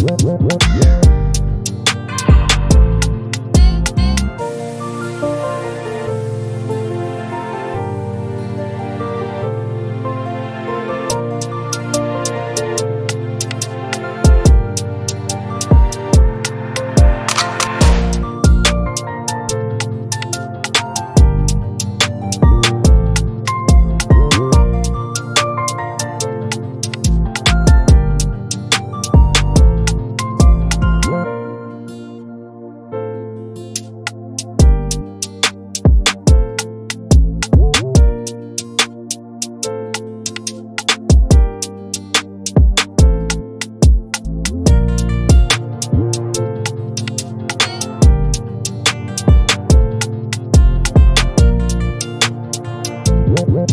Yeah.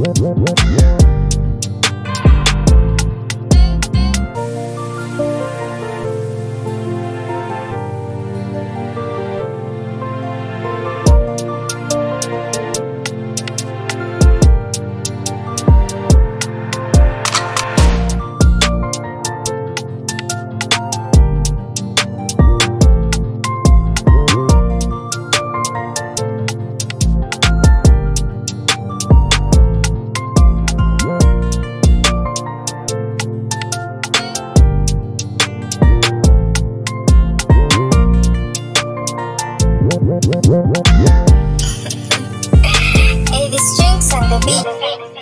Yeah. Avis Jinx on the beat.